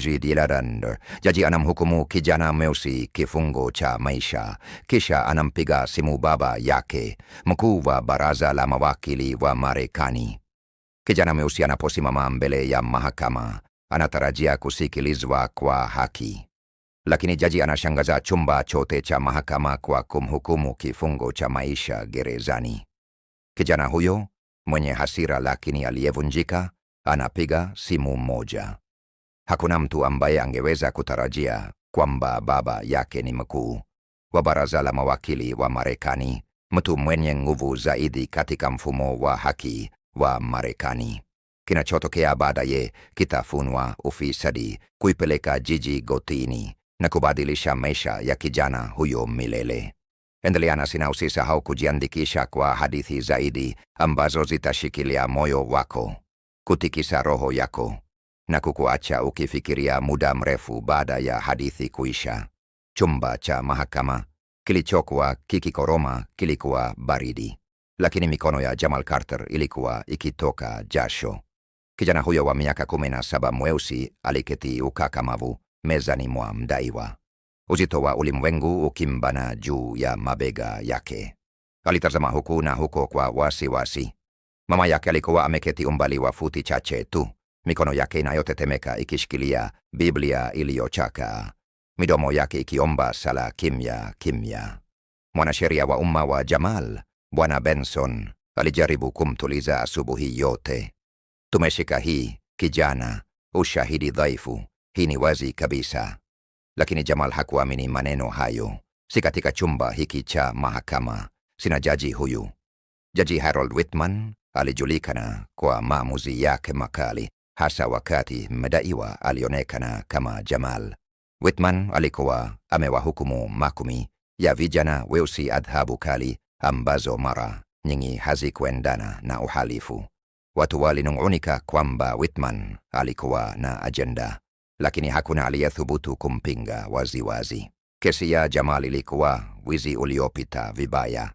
Majid Ilarand. Jaji anamhukumu kijana mweusi kifungo cha maisha, kisha anampiga simu baba yake, mkuu wa baraza la mawakili wa Marekani. Kijana mweusi anaposimama mbele ya mahakama, anatarajia kusikilizwa kwa haki, lakini jaji anashangaza chumba chote cha mahakama kwa kumhukumu kifungo cha maisha gerezani. Kijana huyo mwenye hasira lakini aliyevunjika anapiga simu moja. Hakuna mtu ambaye angeweza kutarajia kwamba baba yake ni mkuu wa baraza la mawakili wa Marekani, mtu mwenye nguvu zaidi katika mfumo wa haki wa Marekani. Kinachotokea baadaye kitafunwa ufisadi, kuipeleka jiji gotini na kubadilisha maisha ya kijana huyo milele. Endelea nasi na usisahau kujiandikisha kwa hadithi zaidi ambazo zitashikilia moyo wako, kutikisa roho yako na kukuacha ukifikiria muda mrefu baada ya hadithi kuisha. Chumba cha mahakama kilichokuwa kikikoroma kilikuwa baridi, lakini mikono ya Jamal Carter ilikuwa ikitoka jasho. Kijana huyo wa miaka 1saba mweusi aliketi ukakamavu mezani mwa mdaiwa, uzito wa ulimwengu ukimbana juu ya mabega yake. Alitazama huku na huko kwa wasiwasi wasi. Mama yake alikuwa ameketi umbali wa futi chache tu mikono yake inayotetemeka ikishikilia Biblia iliyochaka, midomo yake ikiomba sala kimya kimya. Mwanasheria wa umma wa Jamal, Bwana Benson, alijaribu kumtuliza asubuhi yote. Tumeshika hii kijana, ushahidi dhaifu, hii ni wazi kabisa. Lakini Jamal hakuamini maneno hayo. Si katika chumba hiki cha mahakama, sina jaji huyu. Jaji Harold Whitman alijulikana kwa maamuzi yake makali hasa wakati mdaiwa alionekana kama Jamal. Whitman alikuwa amewahukumu makumi ya vijana weusi adhabu kali ambazo mara nyingi hazikuendana na uhalifu. Watu walinung'unika kwamba Whitman alikuwa na ajenda, lakini hakuna aliyethubutu kumpinga waziwazi. Kesi ya Jamal ilikuwa wizi uliopita vibaya.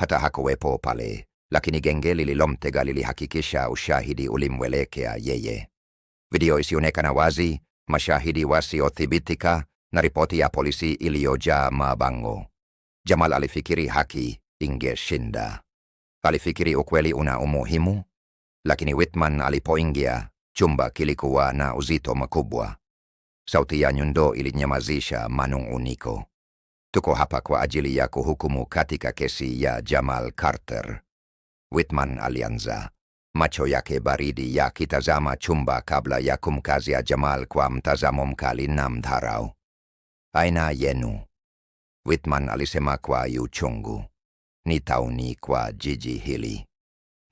Hata hakuwepo pale lakini genge lililomtega lilihakikisha ushahidi ulimwelekea yeye. Video isionekana wazi, mashahidi wasiothibitika na ripoti ya polisi iliyojaa mabango. Jamal alifikiri haki ingeshinda. Alifikiri ukweli una umuhimu, lakini Whitman alipoingia, chumba kilikuwa na uzito mkubwa. Sauti ya nyundo ilinyamazisha manung'uniko. Tuko hapa kwa ajili ya kuhukumu katika kesi ya Jamal Carter. Whitman alianza, macho yake baridi yakitazama chumba kabla ya kumkazia Jamal kwa mtazamo mkali na mdharau. Aina yenu, Whitman alisema kwa uchungu, ni tauni kwa jiji hili.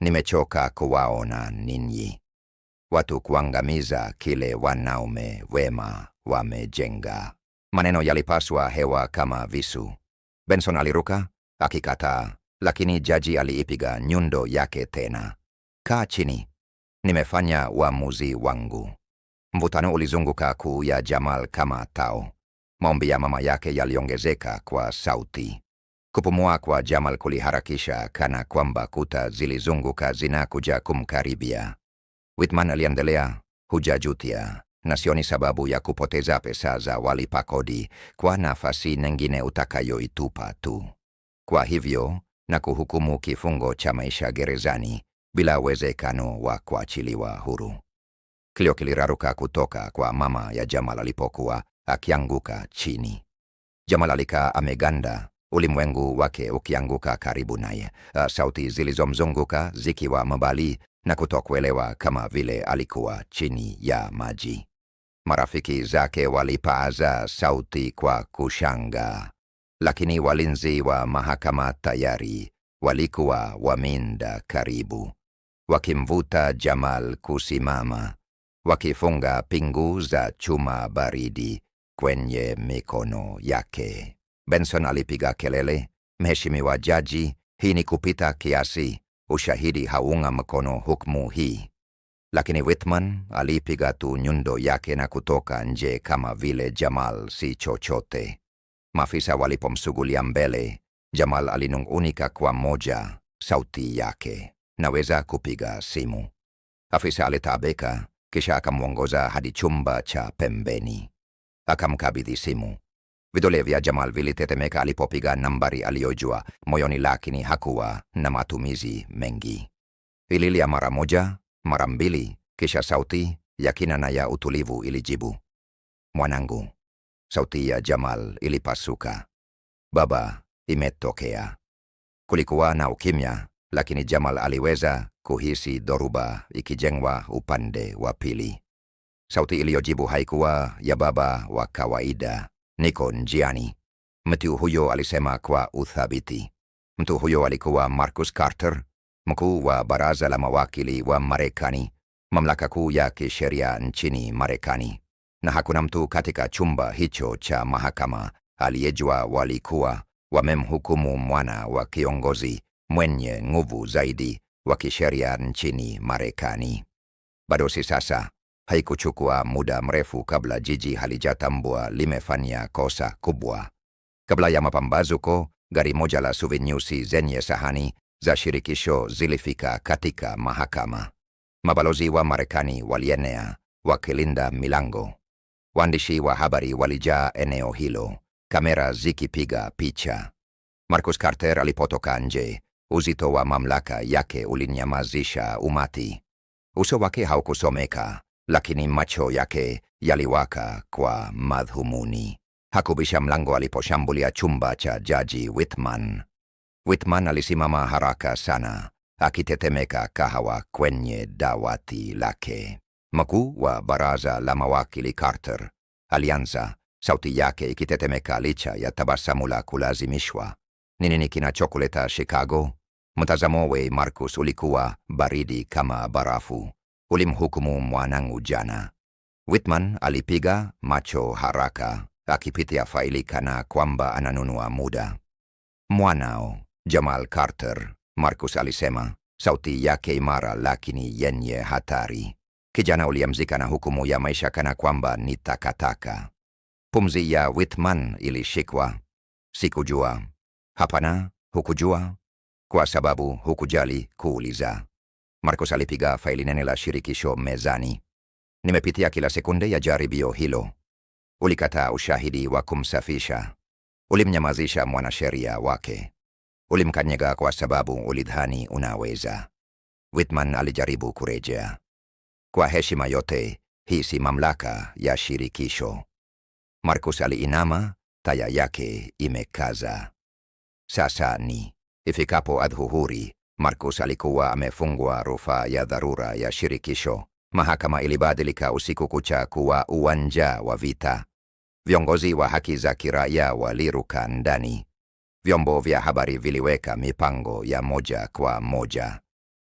Nimechoka kuwaona ninyi watu kuangamiza kile wanaume wema wamejenga. Maneno yalipaswa hewa kama visu. Benson aliruka akikataa, lakini jaji aliipiga nyundo yake tena. Kaa chini, nimefanya uamuzi wangu. Mvutano ulizunguka kuu ya Jamal kama tao. Maombi ya mama yake yaliongezeka kwa sauti. Kupumua kwa Jamal kuliharakisha kana kwamba kuta zilizunguka zinakuja kumkaribia. Whitman aliendelea, hujajutia na sioni sababu ya kupoteza pesa za walipa kodi kwa nafasi nyingine utakayoitupa tu. Kwa hivyo na kuhukumu kifungo cha maisha gerezani bila uwezekano wa kuachiliwa huru. Kilio kiliraruka kutoka kwa mama ya Jamal alipokuwa akianguka chini. Jamal alikaa ameganda, ulimwengu wake ukianguka karibu naye, uh, sauti zilizomzunguka zikiwa mbali na kutokuelewa, kama vile alikuwa chini ya maji. Marafiki zake walipaaza sauti kwa kushangaa lakini walinzi wa mahakama tayari walikuwa waminda karibu, wakimvuta Jamal kusimama, wakifunga pingu za chuma baridi kwenye mikono yake. Benson alipiga kelele, Mheshimiwa Jaji, hii ni kupita kiasi, ushahidi haunga mkono hukumu hii. Lakini Whitman alipiga tu nyundo yake na kutoka nje kama vile Jamal si chochote. Maafisa walipomsugulia mbele, Jamal alinung'unika kwa moja, sauti yake, naweza kupiga simu. Afisa alitaabeka, kisha akamwongoza hadi chumba cha pembeni. Akamkabidhi simu. Vidole vya Jamal vilitetemeka alipopiga nambari aliyojua moyoni, lakini hakuwa na matumizi mengi. Ililia mara moja, mara mbili, kisha sauti ya kina na ya utulivu ilijibu, mwanangu. Sauti ya Jamal ilipasuka. Baba, imetokea. Kulikuwa na ukimya, lakini Jamal aliweza kuhisi dhoruba ikijengwa upande wa pili. Sauti iliyojibu haikuwa ya baba wa kawaida. Niko njiani, mtu huyo alisema kwa uthabiti. Mtu huyo alikuwa Marcus Carter, mkuu wa baraza la mawakili wa Marekani, mamlaka kuu ya kisheria nchini Marekani na hakuna mtu katika chumba hicho cha mahakama aliyejua walikuwa wamemhukumu mwana wa kiongozi mwenye nguvu zaidi wa kisheria nchini Marekani. bado si sasa haikuchukua muda mrefu kabla jiji halijatambua limefanya kosa kubwa. Kabla ya mapambazuko, gari moja la SUV nyeusi zenye sahani za shirikisho zilifika katika mahakama. Mabalozi wa Marekani walienea wakilinda milango. Waandishi wa habari walijaa eneo hilo, kamera zikipiga picha. Marcus Carter alipotoka nje, uzito wa mamlaka yake ulinyamazisha umati. Uso wake haukusomeka, lakini macho yake yaliwaka kwa madhumuni. Hakubisha mlango aliposhambulia chumba cha Jaji Whitman. Whitman alisimama haraka sana, akitetemeka kahawa kwenye dawati lake. Mkuu wa baraza la mawakili Carter alianza, sauti yake ikitetemeka licha ya tabasamu la kulazimishwa. Ni nini kinachokuleta Chicago? Mtazamo we Marcus ulikuwa baridi kama barafu. Ulimhukumu mwanangu jana. Whitman alipiga macho haraka, akipitia faili kana kwamba ananunua muda. Mwanao Jamal Carter, Marcus alisema, sauti yake imara lakini yenye hatari. Kijana uliamzika na hukumu ya maisha kana kwamba ni takataka. Pumzi ya Whitman ilishikwa. Sikujua. Hapana, hukujua kwa sababu hukujali kuuliza. Marcos alipiga faili nene la shirikisho mezani. Nimepitia kila sekunde ya jaribio hilo. Ulikataa ushahidi wa kumsafisha. Ulimnyamazisha mwanasheria wake. Ulimkanyega kwa sababu ulidhani unaweza. Whitman alijaribu kurejea kwa heshima yote, hii si mamlaka ya shirikisho. Markus aliinama, taya yake imekaza. Sasa ni ifikapo adhuhuri, Markus alikuwa amefungwa rufaa ya dharura ya shirikisho. Mahakama ilibadilika usiku kucha kuwa uwanja wa vita. Viongozi wa haki za kiraia waliruka ndani. Vyombo vya habari viliweka mipango ya moja kwa moja.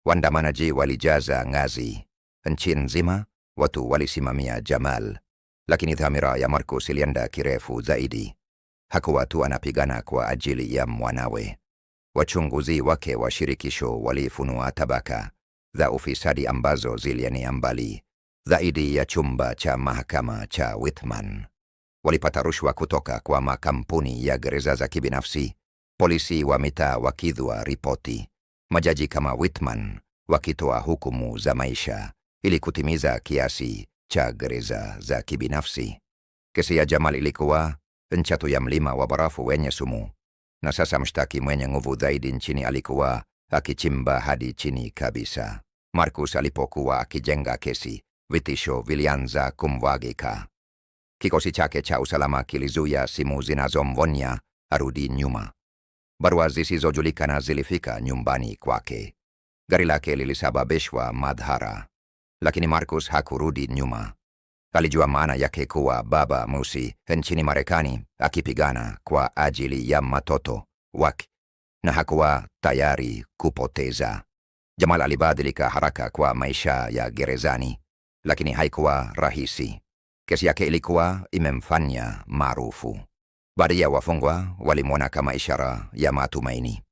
Waandamanaji walijaza ngazi. Nchi nzima watu walisimamia Jamal, lakini dhamira ya Marcus ilienda kirefu zaidi. Hakuwa tu anapigana kwa ajili ya mwanawe. Wachunguzi wake wa shirikisho walifunua tabaka za ufisadi ambazo zilienea mbali zaidi ya chumba cha mahakama cha Whitman. Walipata rushwa kutoka kwa makampuni ya gereza za kibinafsi, polisi wa mitaa wakidhwa ripoti, majaji kama Whitman wakitoa hukumu za maisha ili kutimiza kiasi cha gereza za kibinafsi. Kesi ya Jamal ilikuwa nchatu ya mlima wa barafu wenye sumu, na sasa mshtaki mwenye nguvu zaidi nchini alikuwa akichimba hadi chini kabisa. Markus alipokuwa akijenga kesi, vitisho vilianza kumwagika. Kikosi chake cha usalama kilizuia simu zinazomvonya arudi nyuma. Barua zisizojulikana zilifika nyumbani kwake. Gari lake lilisababishwa madhara lakini Marcus hakurudi nyuma. Alijua maana yake kuwa baba musi nchini Marekani akipigana kwa ajili ya matoto wake, na hakuwa tayari kupoteza. Jamal alibadilika haraka kwa maisha ya gerezani, lakini haikuwa rahisi. Kesi yake ilikuwa imemfanya maarufu. Baadhi ya wafungwa walimwona kama ishara ya matumaini,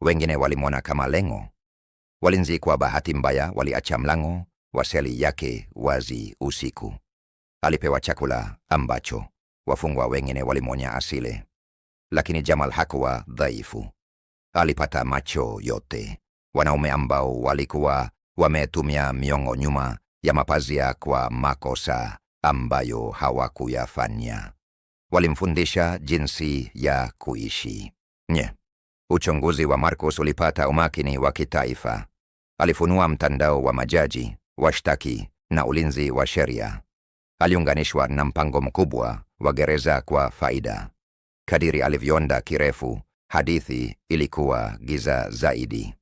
wengine walimwona kama lengo. Walinzi kwa bahati mbaya waliacha mlango waseli yake wazi usiku. Alipewa chakula ambacho wafungwa wengine walimwonya asile, lakini Jamal hakuwa dhaifu. Alipata macho yote, wanaume ambao walikuwa wametumia miongo nyuma ya mapazia kwa makosa ambayo hawakuyafanya. Walimfundisha jinsi ya kuishi. Nye, uchunguzi wa Marcus ulipata umakini wa kitaifa. Alifunua mtandao wa majaji washtaki na ulinzi wa sheria. Aliunganishwa na mpango mkubwa wa gereza kwa faida. Kadiri alivyonda kirefu, hadithi ilikuwa giza zaidi.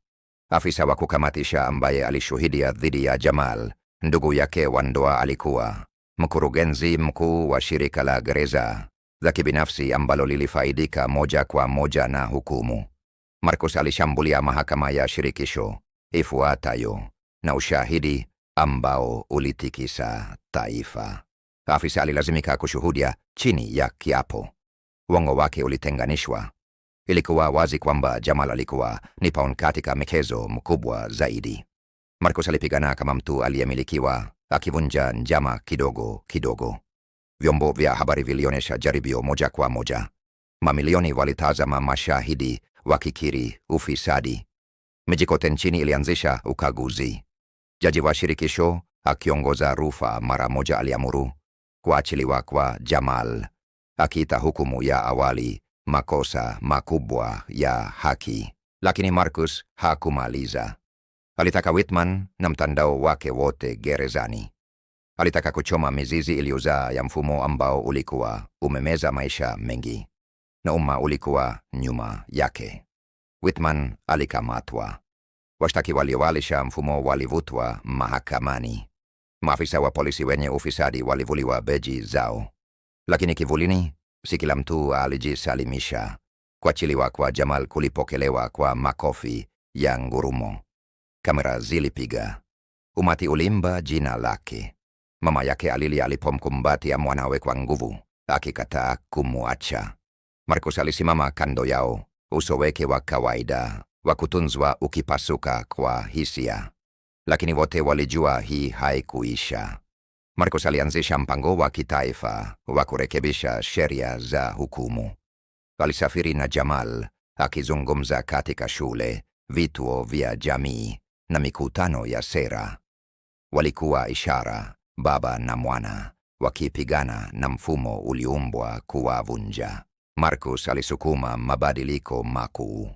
Afisa wa kukamatisha ambaye alishuhudia dhidi ya Jamal, ndugu yake wa ndoa, alikuwa mkurugenzi mkuu wa shirika la gereza za kibinafsi ambalo lilifaidika moja kwa moja na hukumu. Marcus alishambulia mahakama ya shirikisho ifuatayo, na ushahidi ambao ulitikisa taifa. Afisa alilazimika kushuhudia chini ya kiapo. Uongo wake ulitenganishwa. Ilikuwa wazi kwamba Jamal alikuwa ni pawn katika michezo mkubwa zaidi. Marcos alipigana kama mtu aliyemilikiwa, akivunja njama kidogo kidogo. Vyombo vya habari vilionyesha jaribio moja kwa moja. Mamilioni walitazama, mashahidi wakikiri ufisadi. Miji kote nchini ilianzisha ukaguzi. Jaji wa shirikisho akiongoza rufaa mara moja aliamuru kuachiliwa kwa Jamal, akiita hukumu ya awali makosa makubwa ya haki. Lakini Marcus hakumaliza. Alitaka Whitman na mtandao wake wote gerezani. Alitaka kuchoma mizizi iliyozaa ya mfumo ambao ulikuwa umemeza maisha mengi na umma ulikuwa nyuma yake. Whitman alikamatwa, Washtaki waliowalisha mfumo walivutwa mahakamani. Maafisa wa polisi wenye ufisadi walivuliwa beji zao, lakini kivulini, si kila mtu alijisalimisha. Kuachiliwa kwa Jamal kulipokelewa kwa makofi ya ngurumo. Kamera zilipiga, umati ulimba jina lake. Mama yake alilia alipomkumbatia mwanawe kwa nguvu, akikataa kumwacha. Marcus alisimama kando yao, uso wake wa kawaida wa kutunzwa ukipasuka kwa hisia, lakini wote walijua hii haikuisha. Marcos alianzisha mpango wa kitaifa wa kurekebisha sheria za hukumu. Alisafiri na Jamal akizungumza katika shule, vituo vya jamii na mikutano ya sera. Walikuwa ishara, baba na mwana wakipigana na mfumo uliumbwa kuwavunja. Marcos alisukuma mabadiliko makuu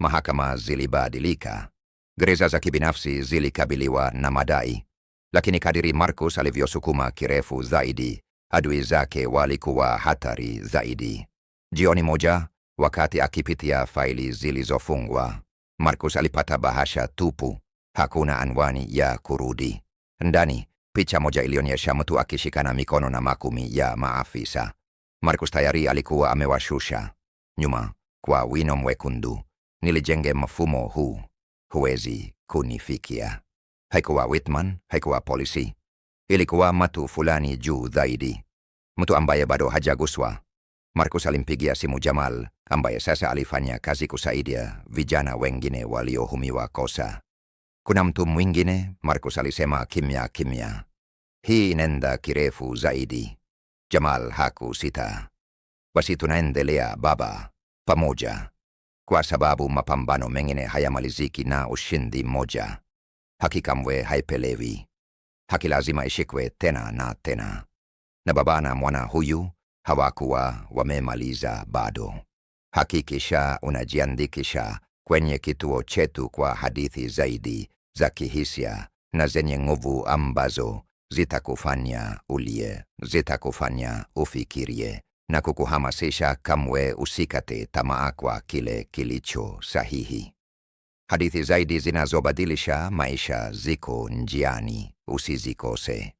mahakama zilibadilika. Gereza za kibinafsi zilikabiliwa na madai, lakini kadiri Marcus alivyosukuma kirefu zaidi, adui zake walikuwa hatari zaidi. Jioni moja, wakati akipitia faili zilizofungwa, Marcus alipata bahasha tupu, hakuna anwani ya kurudi. Ndani picha moja ilionyesha mtu akishikana mikono na makumi ya maafisa. Marcus tayari alikuwa amewashusha nyuma kwa wino mwekundu nilijenge mfumo huu, huwezi kunifikia. Haikuwa Whitman, haikuwa polisi, ilikuwa mtu fulani juu zaidi, mtu ambaye bado hajaguswa. markus alimpigia simu Jamal ambaye sasa alifanya kazi kusaidia vijana wengine waliohumiwa kosa. Kuna mtu mwingine, Markus alisema kimya kimya. Hii inaenda kirefu zaidi. Jamal hakusita. Basi tunaendelea baba, pamoja kwa sababu mapambano mengine hayamaliziki na ushindi mmoja. Haki kamwe haipelewi. Haki lazima ishikwe tena na tena, na baba na mwana huyu hawakuwa wamemaliza bado. Haki kisha unajiandikisha kwenye kituo chetu kwa hadithi zaidi za kihisia na zenye nguvu ambazo zitakufanya ulie, zitakufanya ufikirie na kukuhamasisha kamwe usikate tamaa kwa kile kilicho sahihi. Hadithi zaidi zinazobadilisha maisha ziko njiani, usizikose.